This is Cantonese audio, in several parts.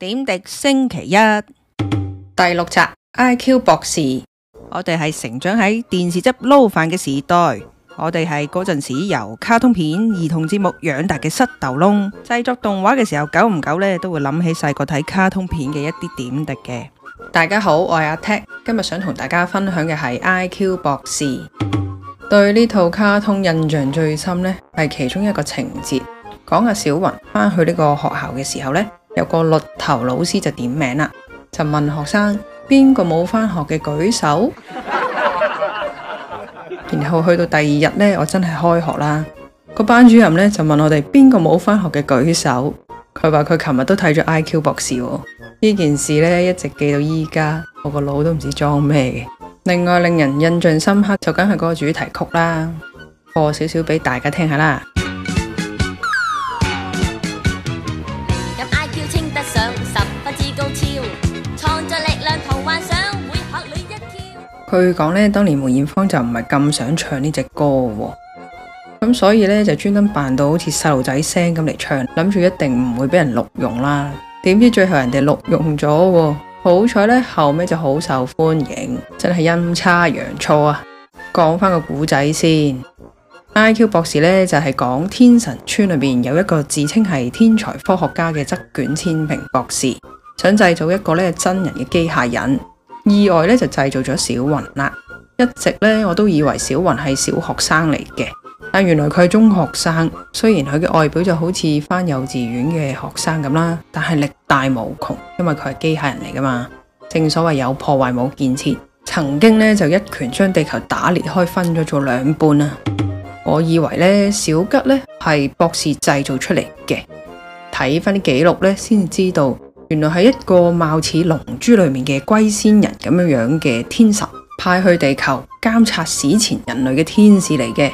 點滴星期一第六集，I Q 博士，我哋係成長喺電視汁撈飯嘅時代，我哋係嗰陣時由卡通片、兒童節目養大嘅失斗窿。製作動畫嘅時候，久唔久咧都會諗起細個睇卡通片嘅一啲點滴嘅。大家好，我係阿 T，今日想同大家分享嘅係 I Q 博士。對呢套卡通印象最深呢係其中一個情節，講下小雲返去呢個學校嘅時候呢。有個綠頭老師就點名啦，就問學生邊個冇返學嘅舉手。 然後去到第二日咧，我真係開學啦。個班主任咧就問我哋邊個冇返學嘅舉手，佢話佢琴日都睇咗 I Q 博士喎，哦。呢 件事咧一直記到依家，我個腦都唔知裝咩嘅。另外令人印象深刻就梗係嗰個主題曲啦，播少少俾大家聽下啦。佢講咧，當年梅艷芳就唔係咁想唱呢隻歌的、哦，咁所以咧就專登扮到好似細路仔聲咁嚟唱，諗住一定唔會俾人錄用啦。點知最後人哋錄用咗、哦，好彩咧後尾就好受歡迎，真係陰差陽錯啊！講返個古仔先，I Q 博士咧就係、是、講天神村裏邊有一個自稱係天才科學家嘅側卷千平博士，想製造一個咧真人嘅機械人。意外呢就製造咗小雲啦，一直呢我都以為小雲係小學生嚟嘅，但原來佢係中學生。雖然佢嘅外表就好似返幼稚園嘅學生咁啦，但係力大無窮，因為佢係機械人嚟㗎嘛。正所謂有破壞冇建設，曾經呢就一拳將地球打裂開，分咗做兩半啊！我以為呢小吉呢係博士製造出嚟嘅，睇返啲記錄呢先知道。原來係一個貌似《龍珠》裏面嘅龜仙人咁樣樣嘅天神派去地球監察史前人類嘅天使嚟嘅。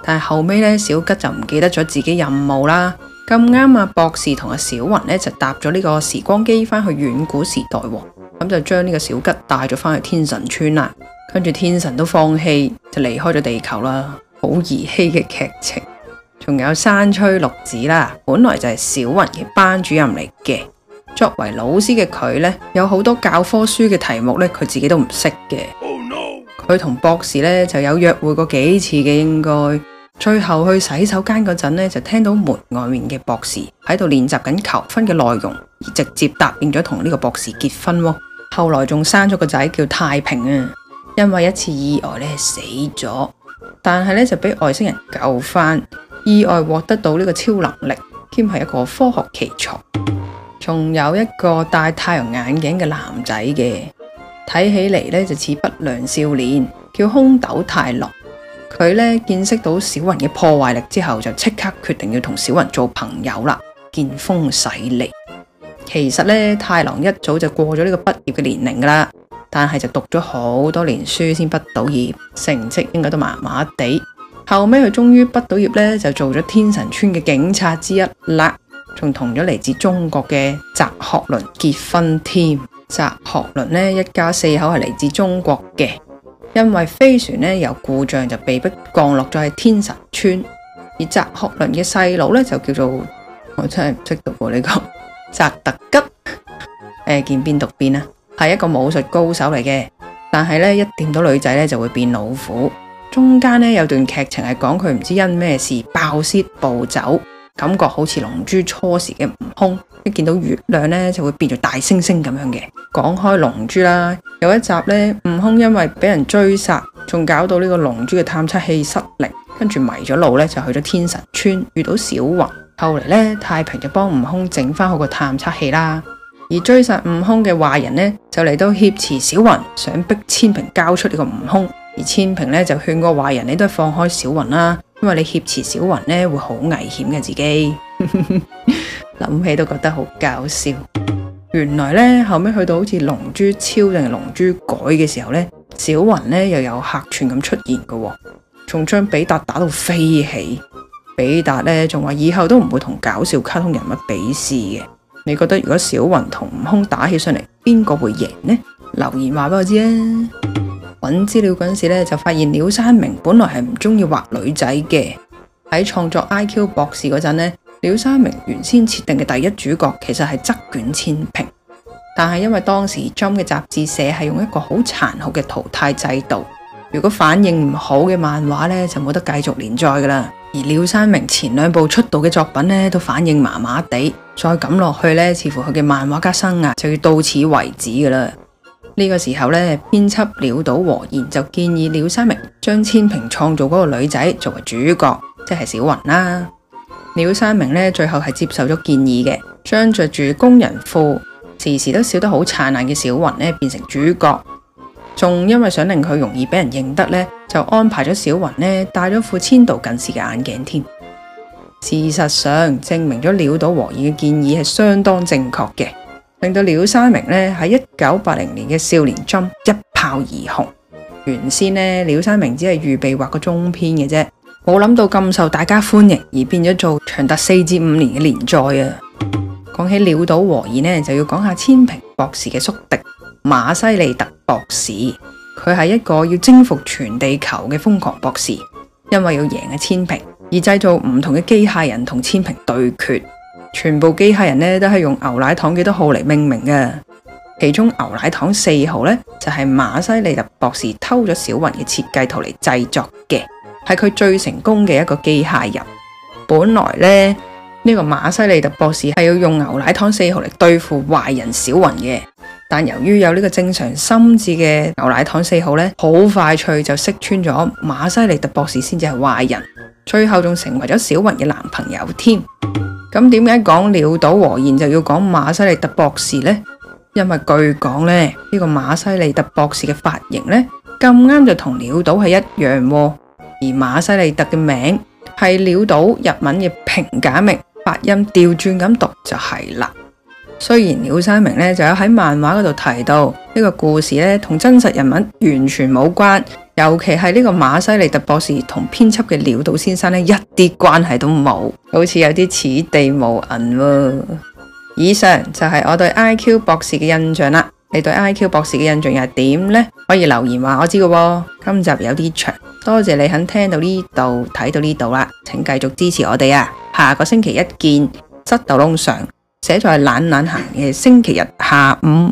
但係後尾呢，小吉就唔記得咗自己任務啦。咁啱啊，博士同阿小雲呢就搭咗呢個時光機返去遠古時代，哦，咁就將呢個小吉帶咗返去天神村啦。跟住天神都放棄，就離開咗地球啦。好兒戲嘅劇情，仲有山吹六子啦，本來就係小雲嘅班主任嚟嘅。作為老師嘅佢呢，有好多教科書嘅題目呢，佢自己都唔識嘅。佢同、oh、no，博士呢就有約會過幾次嘅，應該最後去洗手間嗰陣呢，就聽到門外面嘅博士喺度練習緊求婚嘅內容，而直接答應咗同呢個博士結婚。後來仲生咗個仔叫太平啊，因為一次意外呢，死咗，但係呢，就俾外星人救翻，意外獲得到呢個超能力，兼係一個科學奇才。仲有一個戴太陽眼鏡嘅男仔嘅，睇起嚟咧就似不良少年，叫空豆太郎。佢咧見識到小雲嘅破壞力之後，就即刻決定要同小雲做朋友啦。見風使力，其實咧太郎一早就過咗呢個畢業嘅年齡噶啦，但係就讀咗好多年書先畢到業，成績應該都麻麻地。後尾佢終於畢到業咧，就做咗天神村嘅警察之一啦。仲同咗嚟自中國嘅澤學倫結婚添。澤學倫呢，一家四口係嚟自中國嘅，因為飛船呢有故障，就被迫降落咗喺天神村。而澤學倫嘅細佬呢，就叫做，我真係唔識讀喎、啊，呢、這個澤特吉，誒、 呃、見邊讀邊啦，係一個武術高手嚟嘅，但係呢，一掂到女仔呢，就會變老虎。中間呢，有段劇情係講佢唔知因咩事爆洩暴走。感覺好似龍珠初時嘅悟空，一見到月亮咧就會變做大猩猩咁樣嘅。講開龍珠啦，有一集咧，悟空因為俾人追殺，仲搞到呢個龍珠嘅探測器失靈，跟住迷咗路咧就去咗天神村，遇到小雲。後嚟咧，太平就幫悟空整翻好個探測器啦。而追殺悟空嘅壞人咧，就嚟到挾持小雲，想逼千平交出呢個悟空。而千平咧就勸個壞人，你都係放開小雲啦。因為你挾持小雲呢，會好危險嘅。自己諗 起都覺得好搞笑。原來呢，後尾去到好似《龍珠超》定《龍珠改》嘅時候呢，小雲呢又有客串咁出現嘅、哦，仲將比達打到飛起，比達呢仲話以後都唔會同搞笑卡通人物比試嘅。你覺得如果小雲同悟空打起上嚟，邊個會贏呢？留言話俾我知啊。搵資料嗰陣時咧，就發現鳥山明本來係唔中意畫女仔嘅。喺創作 IQ 博士嗰陣咧，鳥山明原先設定嘅第一主角其實係側捲千平，但係因為當時 Jump 嘅雜誌社係用一個好殘酷嘅淘汰制度，如果反應唔好嘅漫畫咧就冇得繼續連載噶啦。而鳥山明前兩部出道嘅作品咧都反應麻麻地，再咁落去咧，似乎佢嘅漫畫家生涯就要到此為止噶啦。呢個時候呢，編輯鳥島和彥就建議鳥山明將千平創造嗰個女仔作為主角，即係小雲啦。鳥山明呢最後係接受咗建議嘅，將着住工人褲、時時都笑得好燦爛嘅小雲咧變成主角，仲因為想令佢容易俾人認得呢，就安排咗小雲咧戴咗副千度近視嘅眼鏡添。事實上，證明咗鳥島和彥嘅建議係相當正確嘅。令到鳥山明喺一九八零年嘅《少年 Jump》一炮而紅。原先咧鳥山明只係預備畫個中篇嘅啫，冇諗到咁受大家歡迎，而變咗做長達四至五年嘅連載啊！講起鳥島和彥呢，就要講下千平博士嘅宿敵馬西利特博士。佢係一個要征服全地球嘅瘋狂博士，因為要贏嘅千平，而製造唔同嘅機械人同千平對決。全部機械人呢都係用牛奶糖幾多號嚟命名嘅，其中牛奶糖四號呢就係馬西利特博士偷咗小云嘅設計圖嚟製作嘅，係佢最成功嘅一個機械人。本來呢呢個馬西利特博士係要用牛奶糖四號嚟對付壞人小云嘅，但由於有呢個正常心智嘅牛奶糖四號呢，好快脆就識穿咗馬西利特博士先至係壞人，最後仲成為咗小云嘅男朋友添。咁點解講鳥島和彥就要講馬西利特博士呢？因為據講呢，呢個馬西利特博士嘅髮型呢，咁啱就同鳥島係一樣，而馬西利特嘅名係鳥島日文嘅平假名，發音調轉咁讀就係啦。雖然鳥山明呢就有喺漫畫嗰度提到呢個故事呢同真實人物完全冇關。尤其係呢個馬西利特博士同編輯嘅鳥島先生咧，一啲關係都冇，好似有啲此地無銀喎。以上就係我對 IQ 博士嘅印象啦。你對 IQ 博士嘅印象又係點呢？可以留言話我，我知嘅。今集有啲長，多謝你肯聽到呢度睇到呢度啦，請繼續支持我哋啊！下個星期一見，塞竇窿上寫在懶懶行嘅星期日下午。